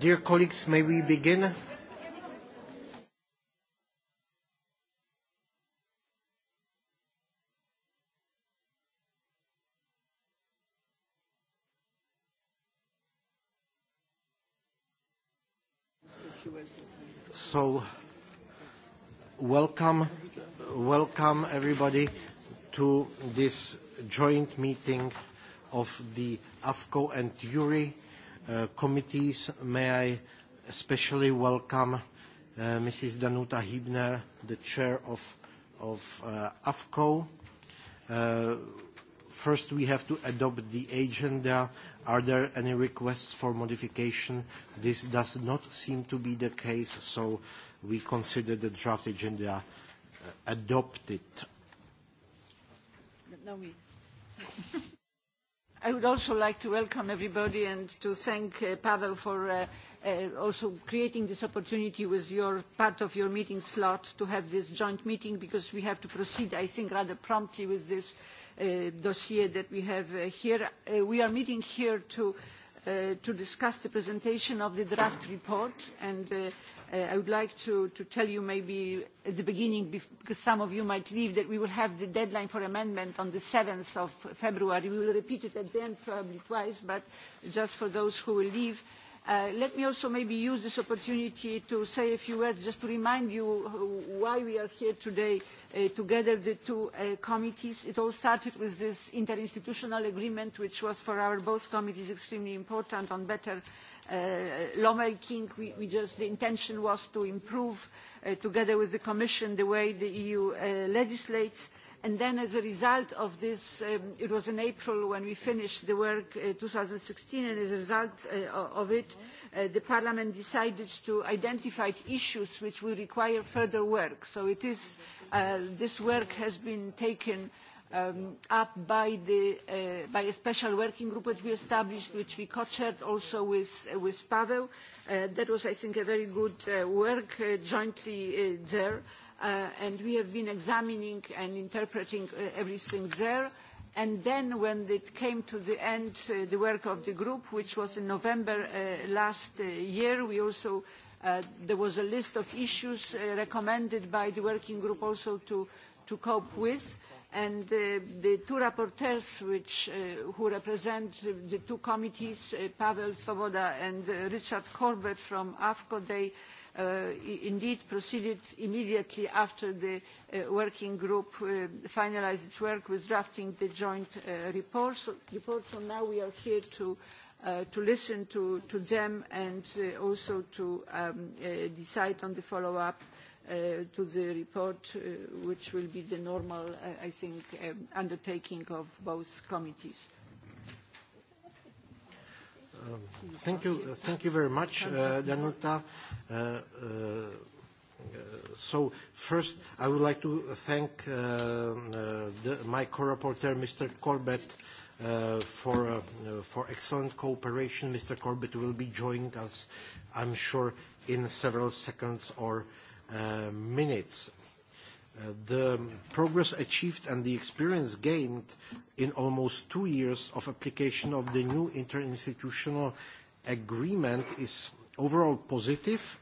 Dear colleagues, may we begin? So, welcome, welcome everybody to this joint meeting of the AFCO and Juri Uh, committees, may I especially welcome uh, Mrs. Danuta Hübner, the chair of, of uh, AFCO. Uh, first, we have to adopt the agenda. Are there any requests for modification? This does not seem to be the case, so we consider the draft agenda uh, adopted. No, no, I would also like to welcome everybody and to thank uh, Pavel for uh, uh, also creating this opportunity with your part of your meeting slot to have this joint meeting because we have to proceed, I think, rather promptly with this uh, dossier that we have uh, here. Uh, we are meeting here to uh, Uh, to discuss the presentation of the draft report and uh, uh, I would like to, to tell you maybe at the beginning, because some of you might leave, that we will have the deadline for amendment on the 7th of February. We will repeat it at the end probably twice, but just for those who will leave, uh, Uh, let me also maybe use this opportunity to say a few words just to remind you why we are here today uh, together, the two uh, committees. It all started with this interinstitutional agreement, which was for our both committees extremely important on better uh, lawmaking. We, we just, the intention was to improve, uh, together with the Commission, the way the EU legislates and then as a result of this um, it was in april when we finished the work uh, 2016 and as a result uh, of it uh, the parliament decided to identify issues which will require further work so it is uh, this work has been taken uh, Um, up by, the, uh, by a special working group which we established, which we co-chaired also with, uh, with Pavel. Uh, that was, I think, a very good uh, work uh, jointly uh, there. Uh, and we have been examining and interpreting uh, everything there. And then when it came to the end, uh, the work of the group, which was in November uh, last uh, year, we also uh, there was a list of issues uh, recommended by the working group also to, to cope with and the, the two rapporteurs which, uh, who represent the two committees, uh, Pavel Svoboda and uh, Richard Corbett from AFCO, they uh, indeed proceeded immediately after the uh, working group uh, finalised its work with drafting the joint report. So, report. So now we are here to, to listen to, to them and also to um, decide on the follow-up Uh, to the report, uh, which will be the normal, uh, I think, um, undertaking of both committees. Um, thank you. Thank you very much, Danuta. so first, I would like to thank um, uh, the, my co reporter Mr. Corbett, for, for excellent cooperation. Mr. Corbett will be joining us, I'm sure, in several seconds or Uh, minutes. Uh, the progress achieved and the experience gained in almost two years of application of the new interinstitutional agreement is overall positive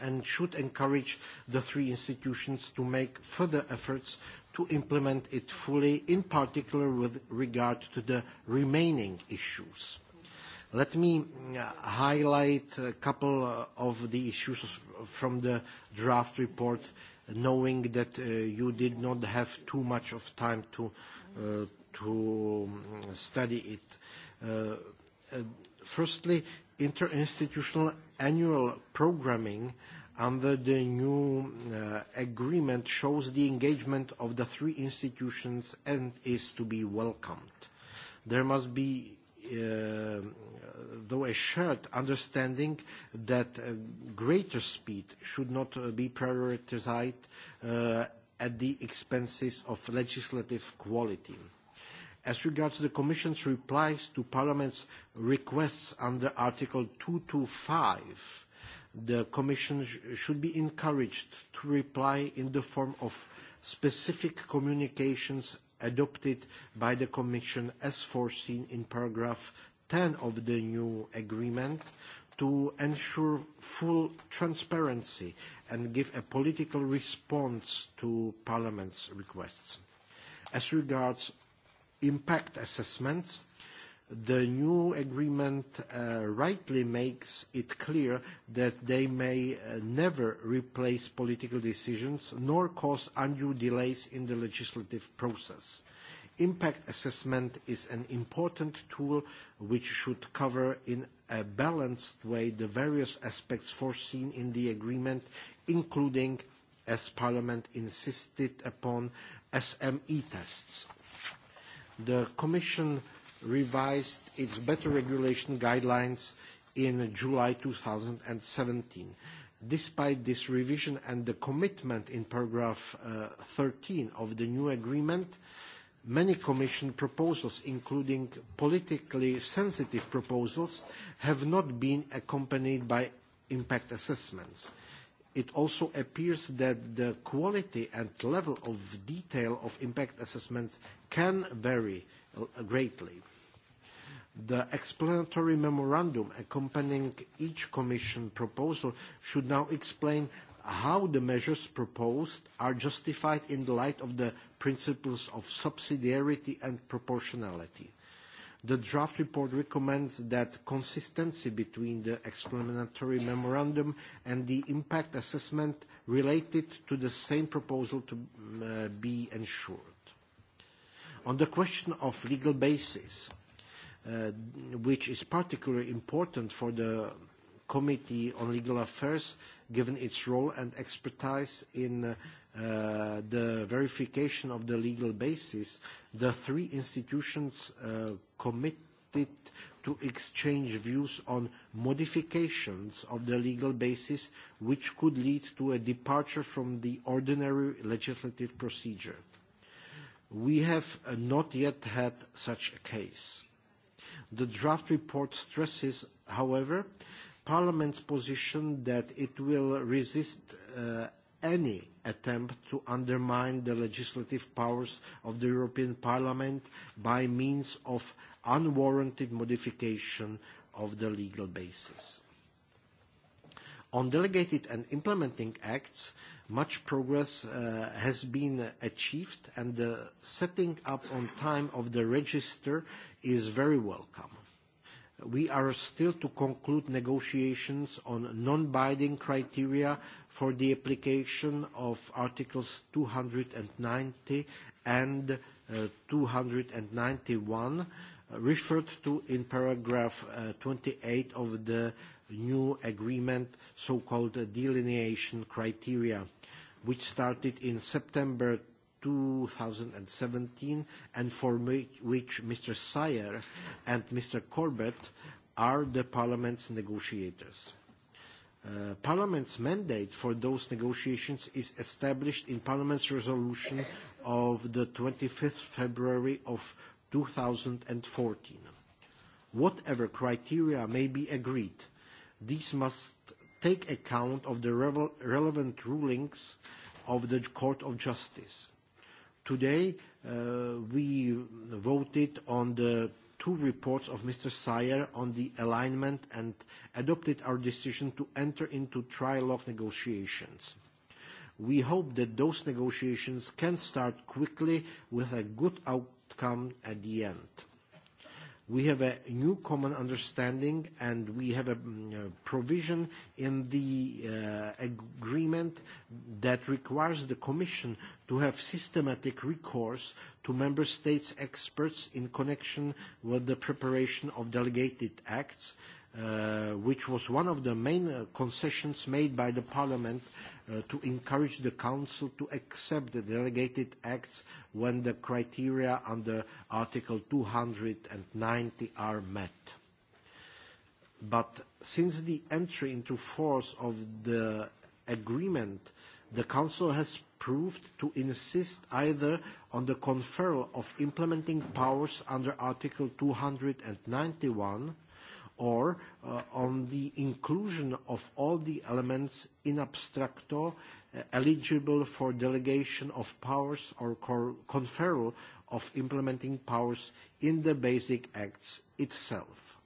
and should encourage the three institutions to make further efforts to implement it fully, in particular with regard to the remaining issues. Let me uh, highlight a couple uh, of the issues from the draft report, knowing that uh, you did not have too much of time to, to um, study it. firstly, interinstitutional annual programming under the new agreement shows the engagement of the three institutions and is to be welcomed. There must be Uh, though a shared understanding that uh, greater speed should not uh, be prioritized at the expenses of legislative quality. As regards the Commission's replies to Parliament's requests under Article 225, the Commission sh should be encouraged to reply in the form of specific communications adopted by the Commission as foreseen in paragraph 10 of the new agreement to ensure full transparency and give a political response to Parliament's requests. As regards impact assessments, the new agreement uh, rightly makes it clear that they may uh, never replace political decisions nor cause undue delays in the legislative process. Impact assessment is an important tool which should cover in a balanced way the various aspects foreseen in the agreement, including, as Parliament insisted upon, SME tests. The Commission revised its better regulation guidelines in July 2017. Despite this revision and the commitment in paragraph 13 uh, of the new agreement, Many Commission proposals, including politically sensitive proposals, have not been accompanied by impact assessments. It also appears that the quality and level of detail of impact assessments can vary greatly. The explanatory memorandum accompanying each Commission proposal should now explain how the measures proposed are justified in the light of the principles of subsidiarity and proportionality. The draft report recommends that consistency between the explanatory memorandum and the impact assessment related to the same proposal to mm, uh, be ensured. On the question of legal basis, uh, which is particularly important for the Committee on Legal Affairs, given its role and expertise in uh, Uh, the verification of the legal basis, the three institutions uh, committed to exchange views on modifications of the legal basis, which could lead to a departure from the ordinary legislative procedure. We have uh, not yet had such a case. The draft report stresses, however, Parliament's position that it will resist any attempt to undermine the legislative powers of the European Parliament by means of unwarranted modification of the legal basis. On delegated and implementing acts, much progress uh, has been achieved, and the setting up on time of the register is very welcome. We are still to conclude negotiations on non-binding criteria for the application of Articles 290 and uh, 291 uh, referred to in paragraph uh, 28 of the new agreement, so-called delineation criteria, which started in September 2017 and for which Mr. Sayer and Mr. Corbett are the Parliament's negotiators. Uh, Parliament's mandate for those negotiations is established in Parliament's resolution of the 25th February of 2014. Whatever criteria may be agreed, these must take account of the relevant rulings of the Court of Justice. Today, uh, we voted on the two reports of Mr. Sayer on the alignment and adopted our decision to enter into trilogue negotiations. We hope that those negotiations can start quickly with a good outcome at the end we have a new common understanding, and we have a mm, provision in the uh, agreement that requires the Commission to have systematic recourse to member states' experts in connection with the preparation of delegated acts, uh, which was one of the main uh, concessions made by the Parliament Uh, to encourage the Council to accept the delegated acts when the criteria under Article 290 are met. But since the entry into force of the agreement, the Council has proved to insist either on the conferral of implementing powers under Article 291 or uh, on the inclusion of all the elements in abstracto uh, eligible for delegation of powers or conferral of implementing powers in the Basic Acts itself.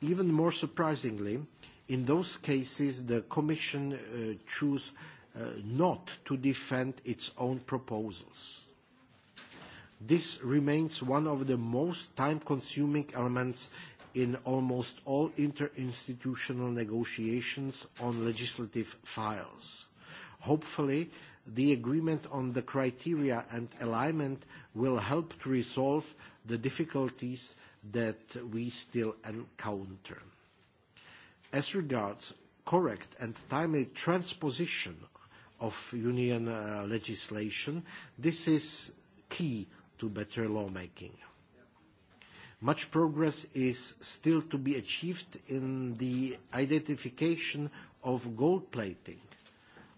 Even more surprisingly, in those cases, the Commission uh, chose uh, not to defend its own proposals. This remains one of the most time-consuming elements in almost all interinstitutional negotiations on legislative files. Hopefully, the agreement on the criteria and alignment will help to resolve the difficulties that we still encounter. As regards correct and timely transposition of union uh, legislation, this is key to better lawmaking. Much progress is still to be achieved in the identification of gold plating.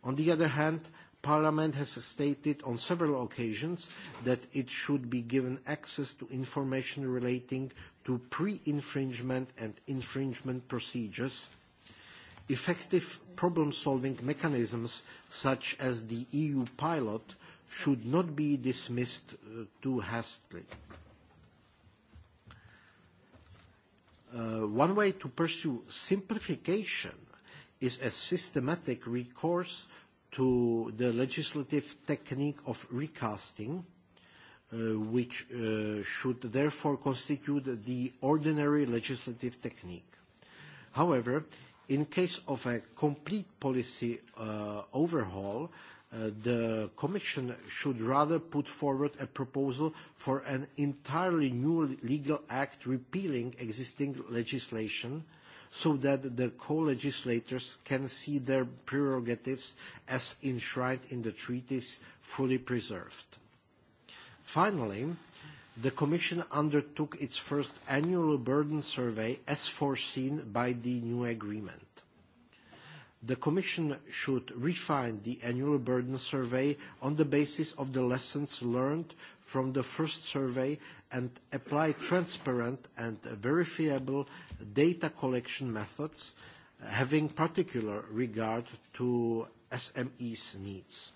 On the other hand, Parliament has stated on several occasions that it should be given access to information relating to pre-infringement and infringement procedures. Effective problem-solving mechanisms such as the EU pilot should not be dismissed uh, too hastily. Uh, one way to pursue simplification is a systematic recourse to the legislative technique of recasting, uh, which uh, should therefore constitute the ordinary legislative technique. However, in case of a complete policy uh, overhaul, Uh, the Commission should rather put forward a proposal for an entirely new legal act repealing existing legislation so that the co-legislators can see their prerogatives as enshrined in the treaties fully preserved. Finally, the Commission undertook its first annual burden survey as foreseen by the new agreement the Commission should refine the annual burden survey on the basis of the lessons learned from the first survey and apply transparent and verifiable data collection methods, having particular regard to SMEs' needs.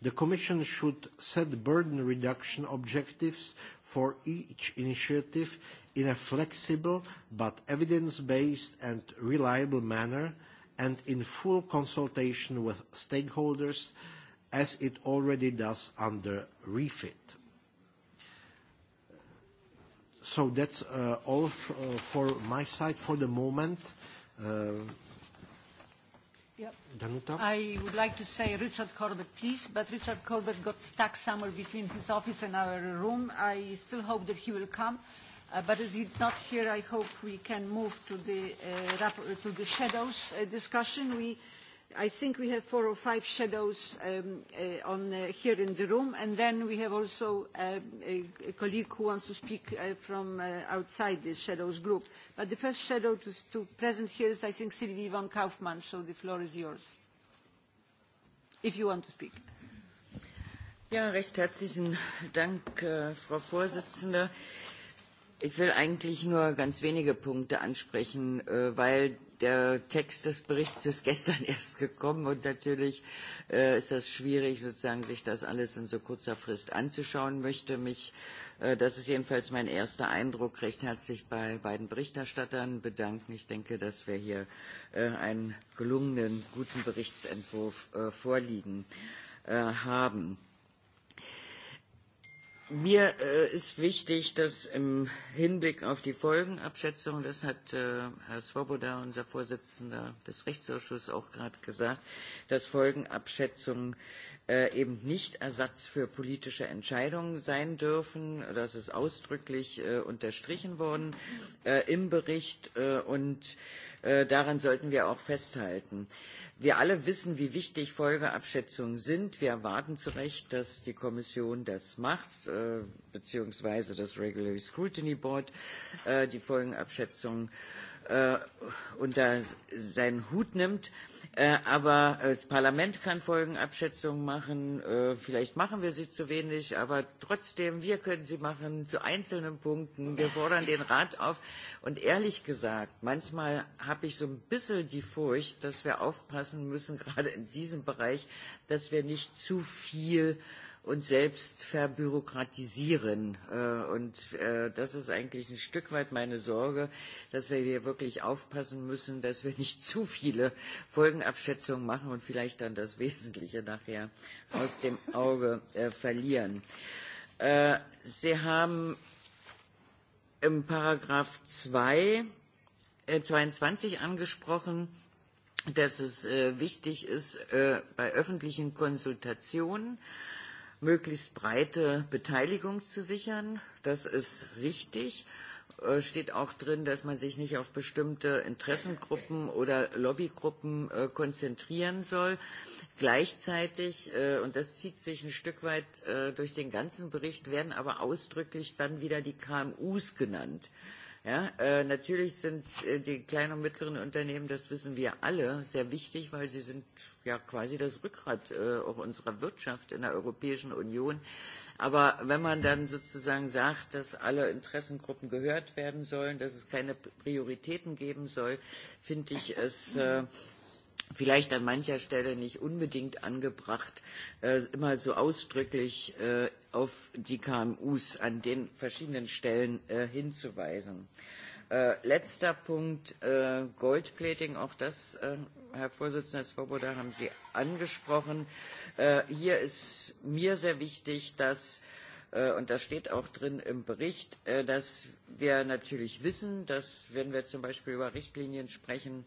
The Commission should set burden reduction objectives for each initiative in a flexible but evidence-based and reliable manner – and in full consultation with stakeholders, as it already does under REFIT. So that's uh, all uh, for my side for the moment. Uh, yep. Danuta? I would like to say Richard Corbett, please, but Richard Corbett got stuck somewhere between his office and our room. I still hope that he will come. Uh, but as he's not here, I hope we can move to the, uh, uh, to the shadows uh, discussion. We, I think we have four or five shadows um, uh, on, uh, here in the room, and then we have also uh, a, a colleague who wants to speak uh, from uh, outside the shadows group. But the first shadow to, to present here is, I think, Sylvie von Kaufmann, so the floor is yours, if you want to speak. Ja, recht herzlichen Dank, äh, Frau Vorsitzende. Ich will eigentlich nur ganz wenige Punkte ansprechen, äh, weil der Text des Berichts ist gestern erst gekommen und natürlich äh, ist das schwierig, sozusagen sich das alles in so kurzer Frist anzuschauen. Möchte mich, äh, das ist jedenfalls mein erster Eindruck, recht herzlich bei beiden Berichterstattern bedanken. Ich denke, dass wir hier äh, einen gelungenen, guten Berichtsentwurf äh, vorliegen äh, haben. Mir äh, ist wichtig, dass im Hinblick auf die Folgenabschätzung, das hat äh, Herr Svoboda, unser Vorsitzender des Rechtsausschusses, auch gerade gesagt, dass Folgenabschätzungen äh, eben nicht Ersatz für politische Entscheidungen sein dürfen. Das ist ausdrücklich äh, unterstrichen worden äh, im Bericht. Äh, und äh, Äh, daran sollten wir auch festhalten. Wir alle wissen, wie wichtig Folgeabschätzungen sind. Wir erwarten zu Recht, dass die Kommission das macht, äh, beziehungsweise das Regulatory Scrutiny Board äh, die Folgenabschätzungen äh, äh, unter seinen Hut nimmt. Äh, aber das Parlament kann Folgenabschätzungen machen. Äh, vielleicht machen wir sie zu wenig, aber trotzdem, wir können sie machen zu einzelnen Punkten. Wir fordern den Rat auf. Und ehrlich gesagt, manchmal habe ich so ein bisschen die Furcht, dass wir aufpassen müssen, gerade in diesem Bereich, dass wir nicht zu viel äh, uns selbst verbürokratisieren. Äh, und äh, das ist eigentlich ein Stück weit meine Sorge, dass wir hier wirklich aufpassen müssen, dass wir nicht zu viele Folgenabschätzungen machen und vielleicht dann das Wesentliche nachher aus dem Auge äh, verlieren. Sie haben im Paragraph 2 22 angesprochen, dass es wichtig ist, bei öffentlichen Konsultationen möglichst breite Beteiligung zu sichern. Das ist richtig. Äh, steht auch drin, dass man sich nicht auf bestimmte Interessengruppen oder Lobbygruppen äh, konzentrieren soll. Gleichzeitig, äh, und das zieht sich ein Stück weit äh, durch den ganzen Bericht, werden aber ausdrücklich dann wieder die KMUs genannt. Ja, äh, natürlich sind äh, die kleinen und mittleren Unternehmen, das wissen wir alle, sehr wichtig, weil sie sind ja quasi das Rückgrat äh, auch unserer Wirtschaft in der Europäischen Union. Aber wenn man dann sozusagen sagt, dass alle Interessengruppen gehört werden sollen, dass es keine Prioritäten geben soll, finde ich es äh, vielleicht an mancher Stelle nicht unbedingt angebracht, äh, immer so ausdrücklich äh, auf die KMUs an den verschiedenen Stellen äh, hinzuweisen. Äh, letzter Punkt, äh, Goldplating, auch das, äh, Herr Vorsitzender Svoboda, haben Sie angesprochen. Äh, hier ist mir sehr wichtig, dass äh, Äh, und das steht auch drin im Bericht, äh, dass wir natürlich wissen, dass, wenn wir zum Beispiel über Richtlinien sprechen,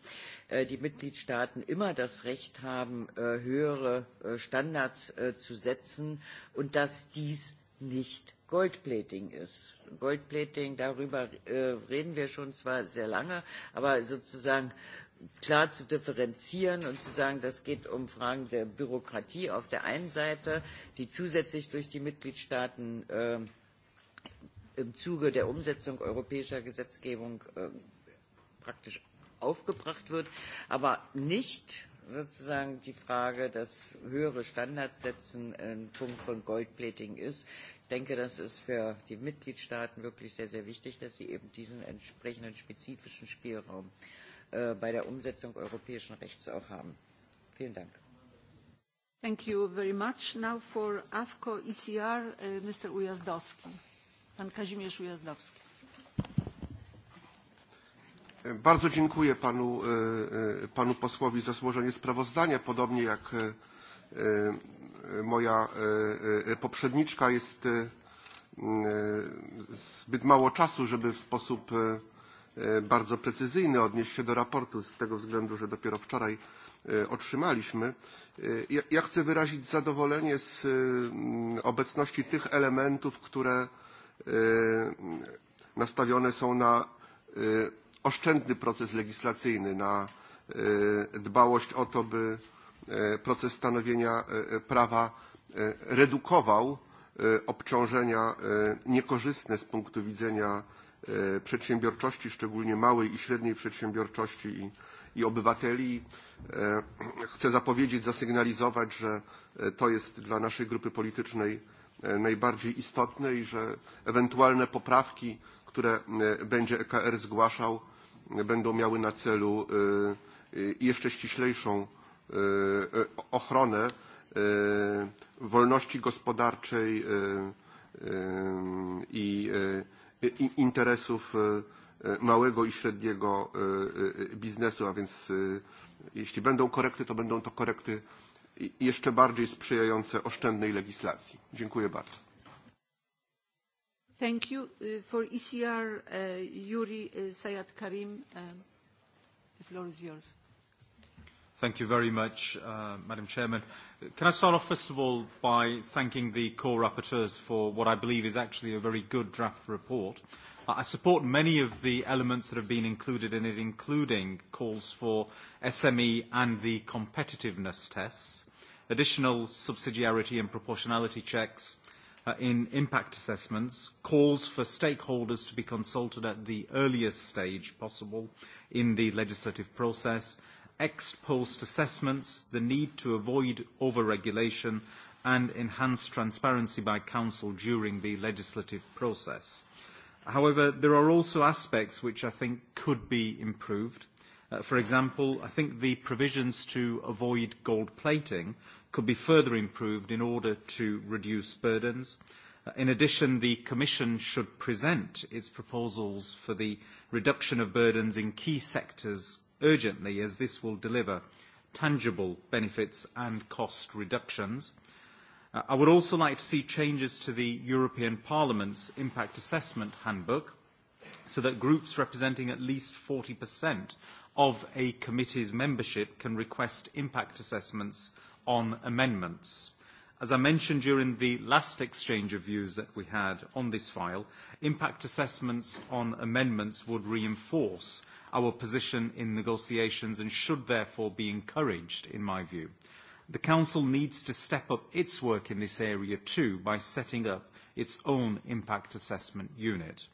äh, die Mitgliedstaaten immer das Recht haben, höhere Standards zu setzen und dass dies nicht Goldplating ist. Goldplating, darüber reden wir schon zwar sehr lange, aber sozusagen klar zu differenzieren und zu sagen, das geht um Fragen der Bürokratie auf der einen Seite, die zusätzlich durch die Mitgliedstaaten äh, im Zuge der Umsetzung europäischer Gesetzgebung äh, praktisch aufgebracht wird, aber nicht sozusagen die Frage, dass höhere Standards setzen ein Punkt von Goldplating ist. Ich denke, das ist für die Mitgliedstaaten wirklich sehr, sehr wichtig, dass sie eben diesen entsprechenden spezifischen Spielraum äh, Äh, bei der Umsetzung europäischen Rechts auch haben. Vielen Dank. Thank you very much. Now for AFCO ECR, uh, Mr. Ujazdowski. Pan Kazimierz Ujazdowski. Bardzo dziękuję panu, e, e, panu posłowi za złożenie sprawozdania. Podobnie jak e, moja poprzedniczka jest zbyt mało czasu, żeby w sposób E, bardzo precyzyjny, odnieść się do raportu z tego względu, że dopiero wczoraj e, otrzymaliśmy. E, ja chcę wyrazić zadowolenie z mm, obecności tych elementów, które nastawione są na oszczędny proces legislacyjny, na dbałość o to, by proces stanowienia prawa redukował obciążenia niekorzystne z punktu widzenia E, przedsiębiorczości, szczególnie małej i średniej przedsiębiorczości i, i obywateli. E, chcę zapowiedzieć, zasygnalizować, że e, to jest dla naszej grupy politycznej najbardziej istotne i że ewentualne poprawki, które będzie EKR zgłaszał, będą miały na celu jeszcze ściślejszą ochronę wolności gospodarczej i interesów e, e, małego i średniego e, biznesu, a więc jeśli będą korekty, to będą to korekty jeszcze bardziej sprzyjające oszczędnej legislacji. Dziękuję bardzo. Thank you. For ECR, Yuri Sayat Karim, the floor is yours. Thank you very much, uh, Madam Chairman. Can I start off, first of all, by thanking the co-rapporteurs for what I believe is actually a very good draft report. I support many of the elements that have been included in it, including calls for SME and the competitiveness tests, additional subsidiarity and proportionality checks uh, in impact assessments, calls for stakeholders to be consulted at the earliest stage possible in the legislative process, ex post assessments, the need to avoid overregulation and enhance transparency by Council during the legislative process. However, there are also aspects which I think could be improved. Uh, for example, I think the provisions to avoid gold plating could be further improved in order to reduce burdens. Uh, in addition, the Commission should present its proposals for the reduction of burdens in key sectors urgently as this will deliver tangible benefits and cost reductions. Uh, I would also like to see changes to the European Parliament's Impact Assessment Handbook so that groups representing at least 40% of a committee's membership can request impact assessments on amendments. As I mentioned during the last exchange of views that we had on this file, impact assessments on amendments would reinforce our position in negotiations and should therefore be encouraged, in my view. The Council needs to step up its work in this area too by setting up its own impact assessment unit.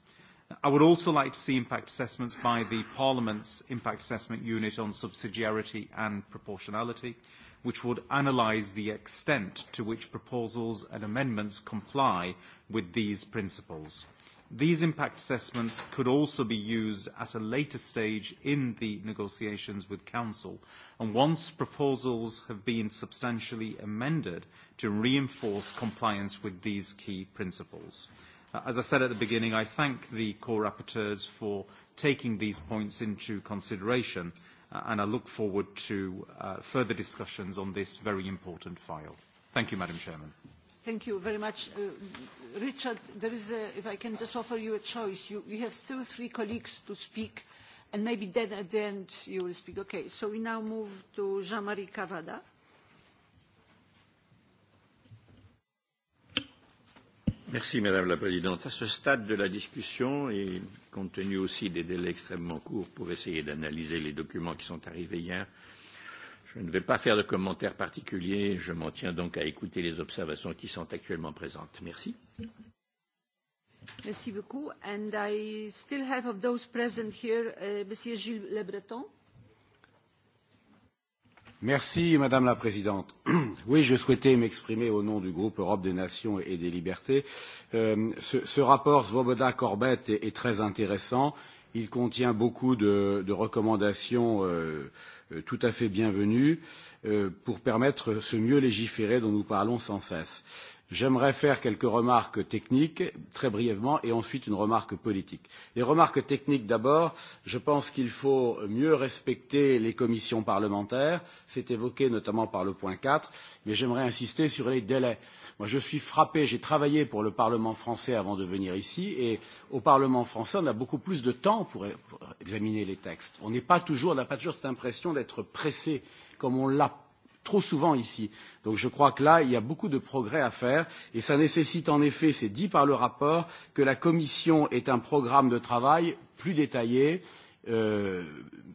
I would also like to see impact assessments by the Parliament's impact assessment unit on subsidiarity and proportionality, which would analyse the extent to which proposals and amendments comply with these principles. These impact assessments could also be used at a later stage in the negotiations with Council, and once proposals have been substantially amended to reinforce compliance with these key principles. Uh, as I said at the beginning, I thank the co-rapporteurs for taking these points into consideration, uh, and I look forward to uh, further discussions on this very important file. Thank you, Madam Chairman. Thank you very much. Uh, Richard, there is a, if I can just offer you a choice. You, you have still three colleagues to speak, and maybe then at the end you will speak. Okay, so we now move to Jean-Marie Cavada. Merci, Madame la Présidente. À ce stade de la discussion, et compte tenu aussi des délais extrêmement courts pour essayer d'analyser les documents qui sont arrivés hier, Je ne vais pas faire de commentaires particuliers, je m'en tiens donc à écouter les observations qui sont actuellement présentes. Merci. Merci beaucoup. And I still have of those present here, uh, Monsieur Gilles Le Breton. Merci Madame la Présidente. Oui, je souhaitais m'exprimer au nom du groupe Europe des Nations et des Libertés. Euh, ce, ce rapport Svoboda-Corbett est, est très intéressant. Il contient beaucoup de, de recommandations euh, Euh, tout à fait bienvenue euh, pour permettre ce mieux légiférer dont nous parlons sans cesse. J'aimerais faire quelques remarques techniques très brièvement et ensuite une remarque politique. Les remarques techniques d'abord, je pense qu'il faut mieux respecter les commissions parlementaires, c'est évoqué notamment par le point 4, mais j'aimerais insister sur les délais. Moi je suis frappé, j'ai travaillé pour le Parlement français avant de venir ici et au Parlement français on a beaucoup plus de temps pour, examiner les textes. On n'est pas toujours, on n'a pas toujours cette impression d'être pressé comme on l'a trop souvent ici. Donc je crois que là, il y a beaucoup de progrès à faire et ça nécessite en effet, c'est dit par le rapport, que la Commission ait un programme de travail plus détaillé euh,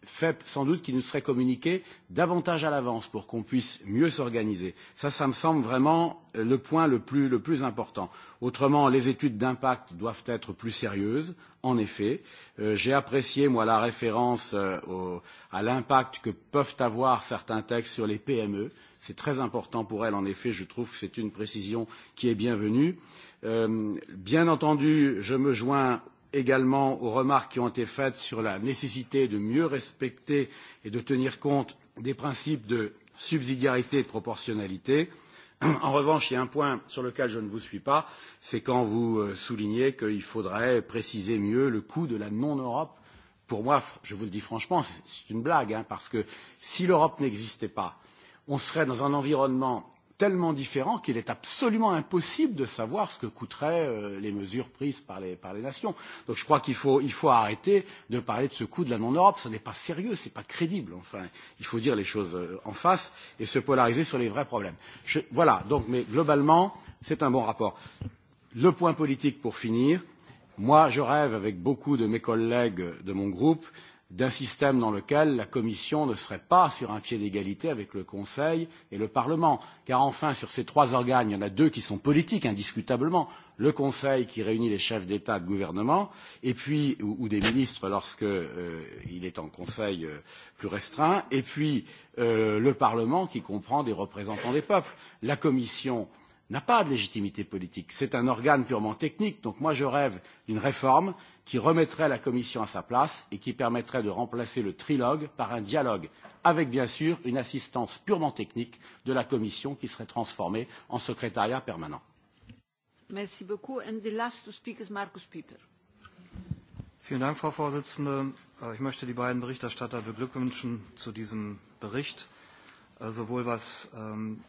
fait sans doute qu'il nous serait communiqué davantage à l'avance pour qu'on puisse mieux s'organiser. Ça, ça me semble vraiment le point le plus, le plus important. Autrement, les études d'impact doivent être plus sérieuses. En effet, euh, j'ai apprécié moi la référence euh, au, à l'impact que peuvent avoir certains textes sur les PME. C'est très important pour elles. En effet, je trouve que c'est une précision qui est bienvenue. Euh, bien entendu, je me joins également aux remarques qui ont été faites sur la nécessité de mieux respecter et de tenir compte des principes de subsidiarité et de proportionnalité. En revanche, il y a un point sur lequel je ne vous suis pas, c'est quand vous euh, soulignez qu'il faudrait préciser mieux le coût de la non-Europe. Pour moi, je vous le dis franchement, c'est une blague, hein, parce que si l'Europe n'existait pas, on serait dans un environnement tellement différent qu'il est absolument impossible de savoir ce que coûteraient euh, les mesures prises par les, par les nations. Donc je crois qu'il faut, il faut arrêter de parler de ce coût de la non-Europe. Ce n'est pas sérieux, ce n'est pas crédible. Enfin, il faut dire les choses euh, en face et se polariser sur les vrais problèmes. Je, voilà, donc, mais globalement, c'est un bon rapport. Le point politique pour finir. Moi, je rêve avec beaucoup de mes collègues de mon groupe d'un système dans lequel la Commission ne serait pas sur un pied d'égalité avec le Conseil et le Parlement. Car enfin, sur ces trois organes, il y en a deux qui sont politiques, indiscutablement. Le Conseil qui réunit les chefs d'État et de gouvernement, et puis, ou, ou des ministres lorsqu'il euh, est en Conseil euh, plus restreint, et puis euh, le Parlement qui comprend des représentants des peuples. La Commission euh, n'a pas de légitimité politique. C'est un organe purement technique. Donc moi, je rêve d'une réforme qui remettrait la Commission à sa place et qui permettrait de remplacer le trilogue par un dialogue, avec bien sûr une assistance purement technique de la Commission qui serait transformée en secrétariat permanent. Merci beaucoup. And the last to is Markus Pieper. Vielen Dank, Frau Vorsitzende. Äh, ich möchte die beiden Berichterstatter beglückwünschen zu diesem Bericht, äh, sowohl was ähm,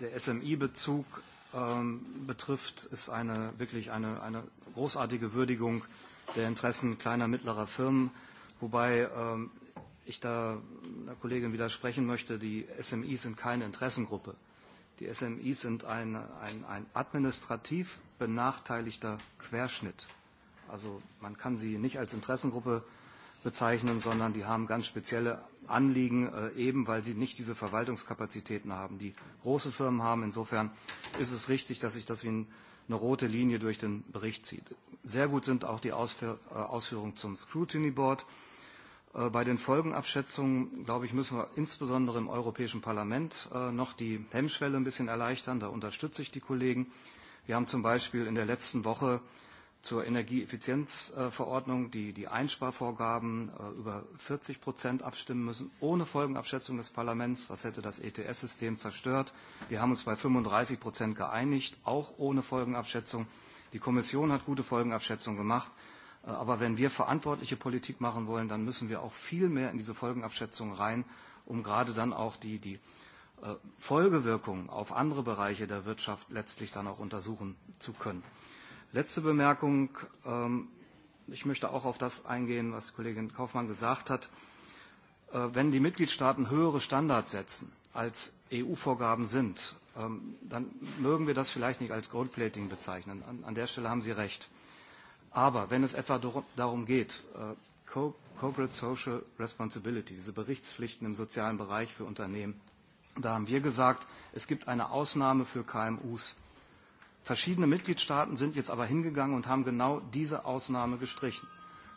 der SMI-Bezug ähm, betrifft, ist eine wirklich eine, eine großartige Würdigung der Interessen kleiner, mittlerer Firmen, wobei ähm, ich da einer Kollegin widersprechen möchte, die SMIs sind keine Interessengruppe. Die SMIs sind ein, ein, ein administrativ benachteiligter Querschnitt. Also man kann sie nicht als Interessengruppe bezeichnen, sondern die haben ganz spezielle Anliegen, äh, eben weil sie nicht diese Verwaltungskapazitäten haben, die große Firmen haben. Insofern ist es richtig, dass sich das wie eine rote Linie durch den Bericht zieht. Sehr gut sind auch die äh, Ausführungen zum Scrutiny Board. Äh, bei den Folgenabschätzungen, glaube ich, müssen wir insbesondere im Europäischen Parlament noch die Hemmschwelle ein bisschen erleichtern. Da unterstütze ich die Kollegen. Wir haben zum Beispiel in der letzten Woche zur Energieeffizienzverordnung, äh, die die Einsparvorgaben äh, über 40 Prozent abstimmen müssen, ohne Folgenabschätzung des Parlaments. Das hätte das ETS-System zerstört. Wir haben uns bei 35 Prozent geeinigt, auch ohne Folgenabschätzung. Die Kommission hat gute Folgenabschätzung gemacht. Äh, aber wenn wir verantwortliche Politik machen wollen, dann müssen wir auch viel mehr in diese Folgenabschätzung rein, um gerade dann auch die, die Folgewirkungen auf andere Bereiche der Wirtschaft letztlich dann auch untersuchen zu können. Letzte Bemerkung. Ähm, ich möchte auch auf das eingehen, was Kollegin Kaufmann gesagt hat. Äh, wenn die Mitgliedstaaten höhere Standards setzen, als EU-Vorgaben sind, ähm, dann mögen wir das vielleicht nicht als Goldplating bezeichnen. An, an der Stelle haben Sie recht. Aber wenn es etwa darum geht, äh, Corporate Social Responsibility, diese Berichtspflichten im sozialen Bereich für Unternehmen. Da haben wir gesagt, es gibt eine Ausnahme für KMUs. Verschiedene Mitgliedstaaten sind jetzt aber hingegangen und haben genau diese Ausnahme gestrichen.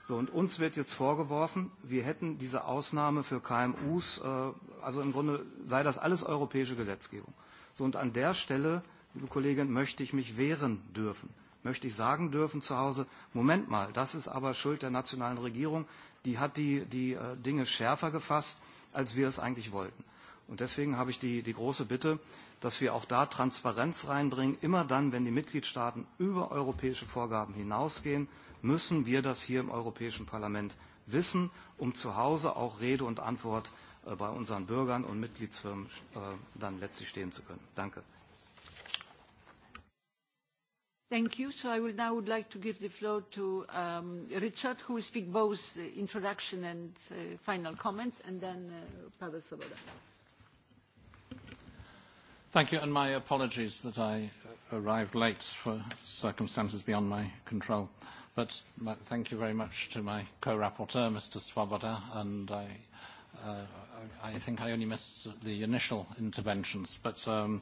So, und uns wird jetzt vorgeworfen, wir hätten diese Ausnahme für KMUs, äh, also im Grunde sei das alles europäische Gesetzgebung. So, und an der Stelle, liebe Kollegin, möchte ich mich wehren dürfen. Möchte ich sagen dürfen zu Hause, Moment mal, das ist aber Schuld der nationalen Regierung, die hat die, die äh, Dinge schärfer gefasst, als wir es eigentlich wollten. Und deswegen habe ich die, die große Bitte, dass wir auch da Transparenz reinbringen. Immer dann, wenn die Mitgliedstaaten über europäische Vorgaben hinausgehen, müssen wir das hier im Europäischen Parlament wissen, um zu Hause auch Rede und Antwort äh, bei unseren Bürgern und Mitgliedsfirmen äh, dann letztlich stehen zu können. Danke. Thank you. So I would now would like to give the floor to um, Richard, who will speak both introduction and uh, final comments, and then uh, Pavel Svoboda. Thank you, and my apologies that I arrived late for circumstances beyond my control. But thank you very much to my co-rapporteur, Mr. Swoboda, and I, uh, I think I only missed the initial interventions, but um,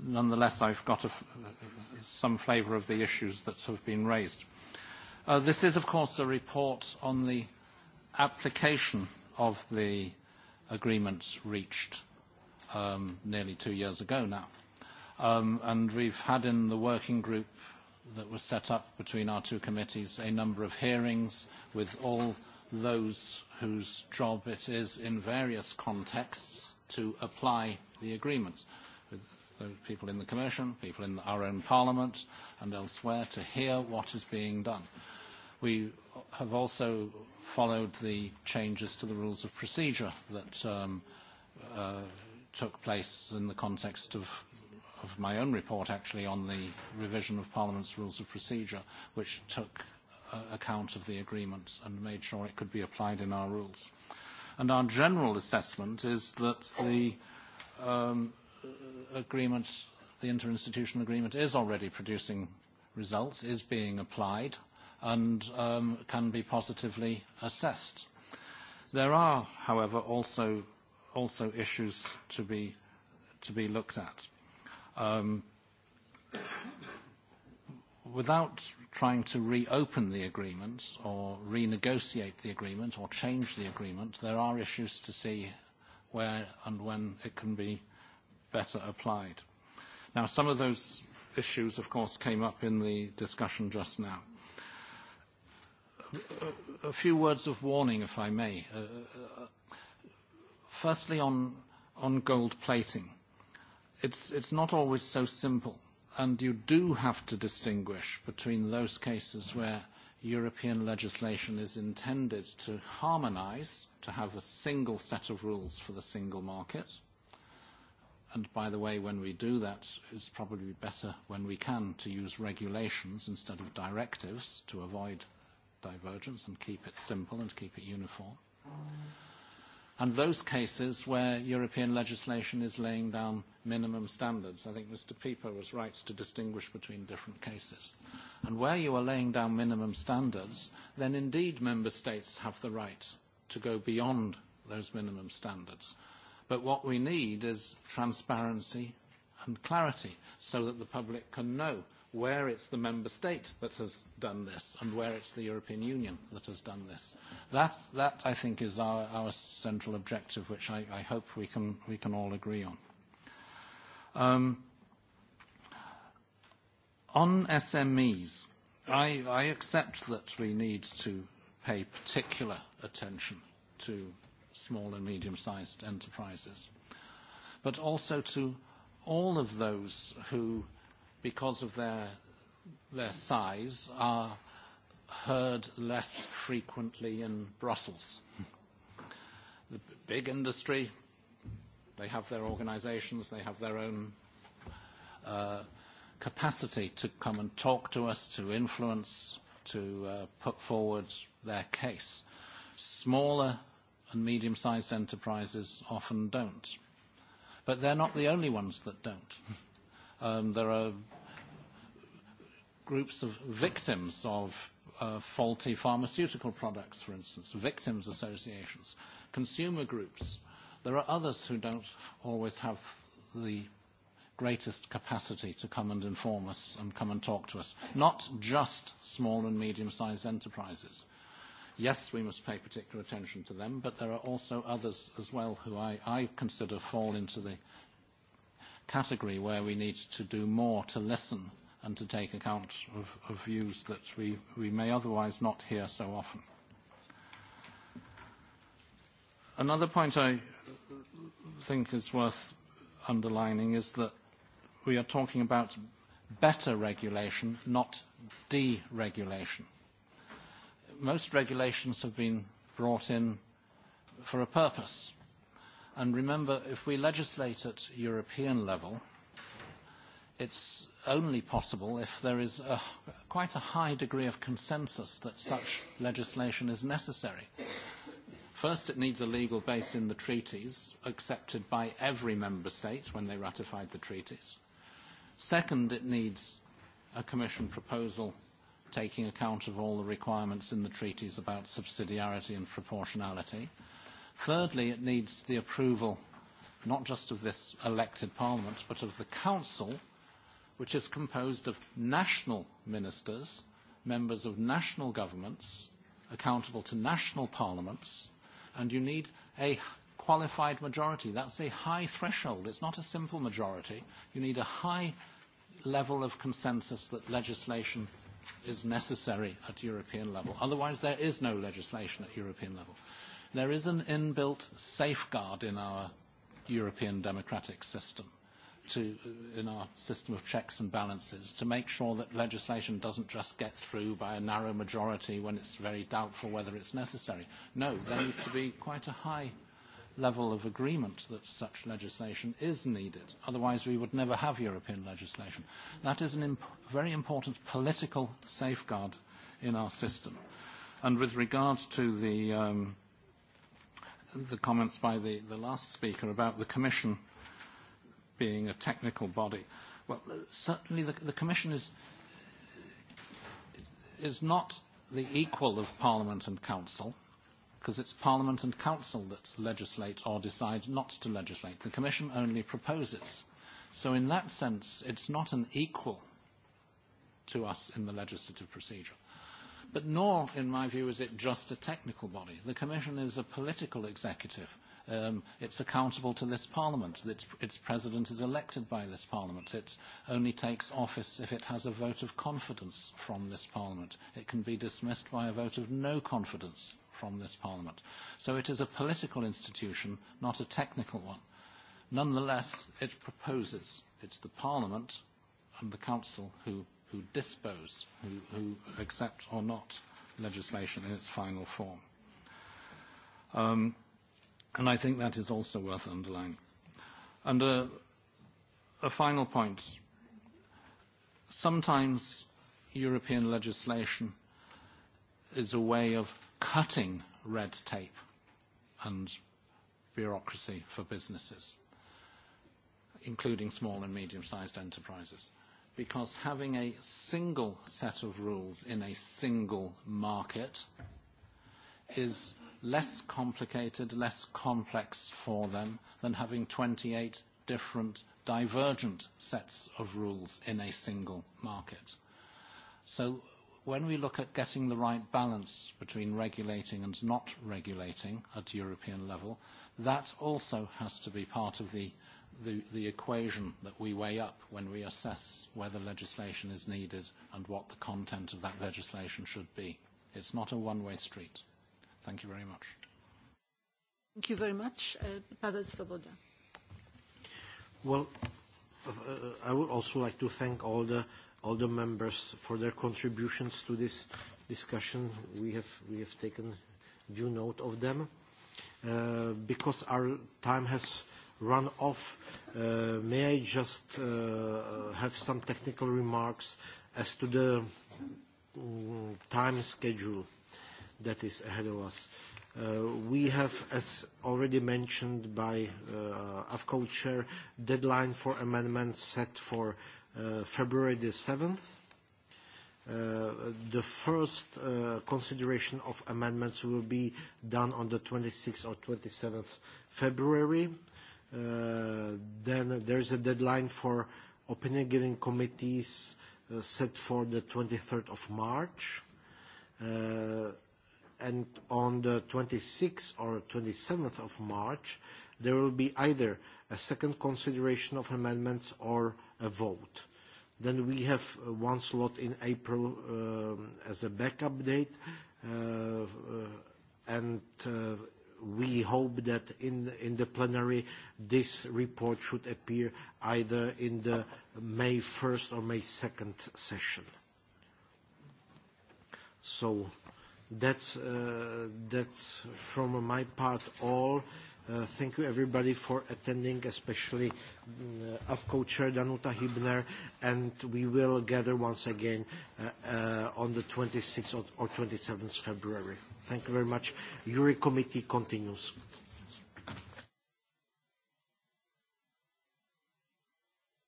nonetheless, I've got a, f- some flavour of the issues that have been raised. Uh, this is, of course, a report on the application of the agreement reached Um, nearly two years ago now. Um, and we've had in the working group that was set up between our two committees a number of hearings with all those whose job it is in various contexts to apply the agreement. With people in the Commission, people in our own Parliament and elsewhere to hear what is being done. We have also followed the changes to the rules of procedure that um, uh, took place in the context of, of my own report, actually, on the revision of Parliament's rules of procedure, which took uh, account of the agreement and made sure it could be applied in our rules. And our general assessment is that the um, agreement, the interinstitutional agreement, is already producing results, is being applied, and um, can be positively assessed. There are, however, also also issues to be, looked at. Um, without trying to reopen the agreement or renegotiate the agreement or change the agreement, there are issues to see where and when it can be better applied. Now, some of those issues, of course, came up in the discussion just now. A few words of warning, if I may. Uh, uh, Firstly, on, gold plating. It's, not always so simple, and you do have to distinguish between those cases where European legislation is intended to harmonize, to have a single set of rules for the single market. And by the way, when we do that, it's probably better when we can to use regulations instead of directives to avoid divergence and keep it simple and keep it uniform and those cases where European legislation is laying down minimum standards. I think Mr. Pieper was right to distinguish between different cases. And where you are laying down minimum standards, then indeed member states have the right to go beyond those minimum standards. But what we need is transparency and clarity so that the public can know where it's the member state that has done this and where it's the European Union that has done this. That, that I think, is our, our central objective, which I, I hope we can, we can all agree on. Um, on SMEs, I, I accept that we need to pay particular attention to small and medium-sized enterprises, but also to all of those who because of their, their size, are heard less frequently in Brussels. The big industry, they have their organizations, they have their own uh, capacity to come and talk to us, to influence, to uh, put forward their case. Smaller and medium-sized enterprises often don't. But they're not the only ones that don't. Um, there are groups of victims of uh, faulty pharmaceutical products, for instance, victims associations, consumer groups. There are others who don't always have the greatest capacity to come and inform us and come and talk to us, not just small and medium-sized enterprises. Yes, we must pay particular attention to them, but there are also others as well who I, I consider fall into the category where we need to do more to listen and to take account of, of views that we, we may otherwise not hear so often. Another point I think is worth underlining is that we are talking about better regulation, not deregulation. Most regulations have been brought in for a purpose. And remember, if we legislate at European level, it's only possible if there is a, quite a high degree of consensus that such legislation is necessary. First, it needs a legal base in the treaties, accepted by every member state when they ratified the treaties. Second, it needs a Commission proposal taking account of all the requirements in the treaties about subsidiarity and proportionality. Thirdly, it needs the approval not just of this elected parliament, but of the council, which is composed of national ministers, members of national governments, accountable to national parliaments, and you need a qualified majority. That's a high threshold. It's not a simple majority. You need a high level of consensus that legislation is necessary at European level. Otherwise, there is no legislation at European level. There is an inbuilt safeguard in our European democratic system, to, in our system of checks and balances, to make sure that legislation doesn't just get through by a narrow majority when it's very doubtful whether it's necessary. No, there needs to be quite a high level of agreement that such legislation is needed. Otherwise, we would never have European legislation. That is a imp very important political safeguard in our system. And with regard to the um, the comments by the, the last speaker about the Commission being a technical body. Well, uh, certainly the, the Commission is, is not the equal of Parliament and Council, because it's Parliament and Council that legislate or decide not to legislate. The Commission only proposes. So in that sense, it's not an equal to us in the legislative procedure. But nor, in my view, is it just a technical body. The Commission is a political executive. Um, it's accountable to this Parliament. Its, its president is elected by this Parliament. It only takes office if it has a vote of confidence from this Parliament. It can be dismissed by a vote of no confidence from this Parliament. So it is a political institution, not a technical one. Nonetheless, it proposes. It's the Parliament and the Council who who dispose, who, who accept or not legislation in its final form. Um, and I think that is also worth underlining. And a, uh, a final point. Sometimes European legislation is a way of cutting red tape and bureaucracy for businesses, including small and medium-sized enterprises because having a single set of rules in a single market is less complicated, less complex for them than having 28 different divergent sets of rules in a single market. So when we look at getting the right balance between regulating and not regulating at European level, that also has to be part of the the, the equation that we weigh up when we assess whether legislation is needed and what the content of that legislation should be. It's not a one-way street. Thank you very much. Thank you very much. Uh, Pavel Svoboda. Well, uh, I would also like to thank all the, all the members for their contributions to this discussion. We have, we have taken due note of them. Uh, because our time has run off. Uh, may I just uh, have some technical remarks as to the mm, time schedule that is ahead of us? Uh, we have, as already mentioned by AFCO Chair, deadline for amendments set for February the 7th. the first consideration of amendments will be done on the 26th or 27th February. Uh, then there is a deadline for opinion-giving committees uh, set for the 23rd of March. Uh, and on the 26th or 27th of March, there will be either a second consideration of amendments or a vote. Then we have one slot in April uh, as a backup date, uh, and uh, we hope that in, in the plenary, this report should appear either in the May first or May second session. So that's, uh, that's from my part all. Uh, thank you everybody for attending, especially uh, AFCO Chair Danuta Hübner, and we will gather once again uh, uh, on the 26th or 27th February. Thank you very much. Your committee continues.